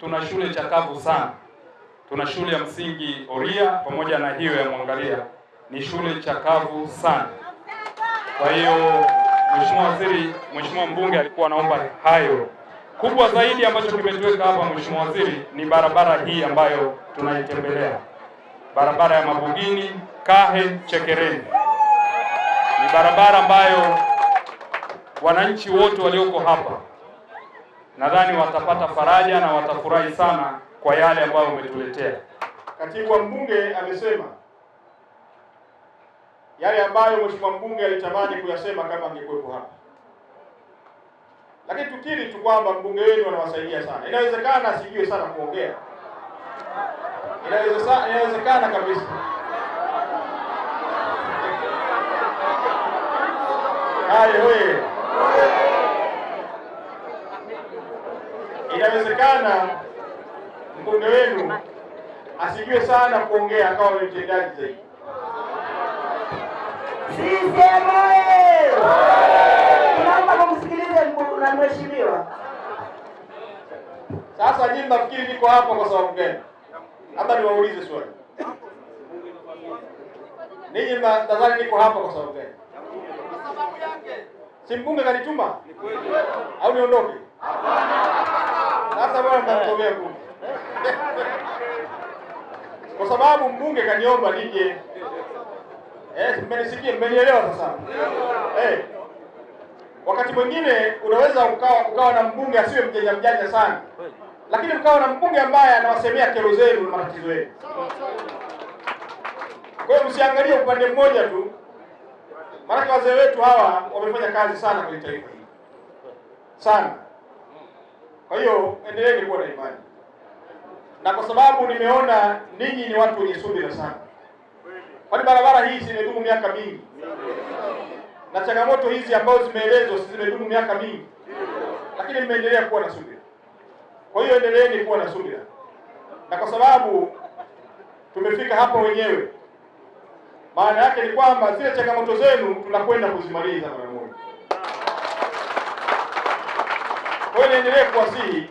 Tuna shule chakavu sana. Tuna shule ya msingi Oria pamoja na hiyo ya Mwangalia, ni shule chakavu sana. Kwa hiyo Mheshimiwa Waziri, Mheshimiwa mbunge alikuwa anaomba hayo. Kubwa zaidi ambacho kimetuweka hapa Mheshimiwa Waziri ni barabara hii ambayo tunaitembelea, barabara ya Mabugini Kahe Chekereni. Ni barabara ambayo wananchi wote walioko hapa nadhani watapata faraja na watafurahi sana kwa yale ambayo umetuletea. Katibu wa mbunge amesema yale ambayo mheshimiwa mbunge alitamani kuyasema kama angekuwepo hapa, lakini tukiri tu kwamba mbunge wenu anawasaidia sana. Inawezekana asijue sana kuongea, inawezekana kabisa Aye, Inawezekana mbunge wenu asijue sana kuongea akawa ni mtendaji zaidi. Naomba na mheshimiwa. Sasa nyinyi mnafikiri niko hapa kwa sababu gani? Labda niwaulize swali. Ninyi mnadhani niko hapa kwa sababu gani? Si mbunge kanituma? Au niondoke? Sasa bwana mtamtomea eh. huko kwa sababu mbunge kaniomba nije. Eh, mmenisikia, mmenielewa sasa? Eh, wakati mwingine unaweza ukawa ukawa na mbunge asiwe mjanja mjanja sana, lakini ukawa na mbunge ambaye anawasemea kero zenu na matatizo yenu. Kwa hiyo msiangalie upande mmoja tu, maanake wazee wetu hawa wamefanya kazi sana kwenye taifa hili sana. Kwa hiyo endeleeni kuwa na imani, na kwa sababu nimeona ninyi ni watu wenye subira sana, kwani barabara hii zimedumu miaka mingi na changamoto hizi ambazo zimeelezwa zimedumu miaka mingi, lakini mmeendelea kuwa na subira. Kwa hiyo endeleeni kuwa na subira, na kwa sababu tumefika hapa wenyewe, maana yake ni kwamba zile changamoto zenu tunakwenda kuzimaliza mara moja. Kwa hiyo niendelee kuwasihi,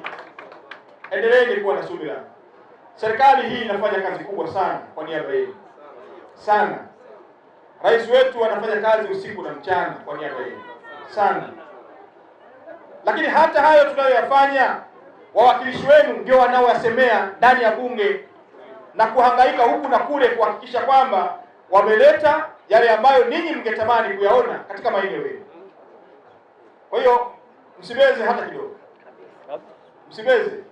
endeleeni kuwa na subira. Serikali hii inafanya kazi kubwa sana kwa niaba yenu sana. Rais wetu anafanya kazi usiku na mchana kwa niaba yenu sana, lakini hata hayo tunayoyafanya, wawakilishi wenu ndio wanaoyasemea ndani ya bunge na kuhangaika huku na kule kuhakikisha kwamba wameleta yale ambayo ninyi mngetamani kuyaona katika maeneo yenu. Kwa hiyo msibeze hata kidogo, msibeze,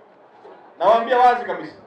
nawaambia wazi kabisa.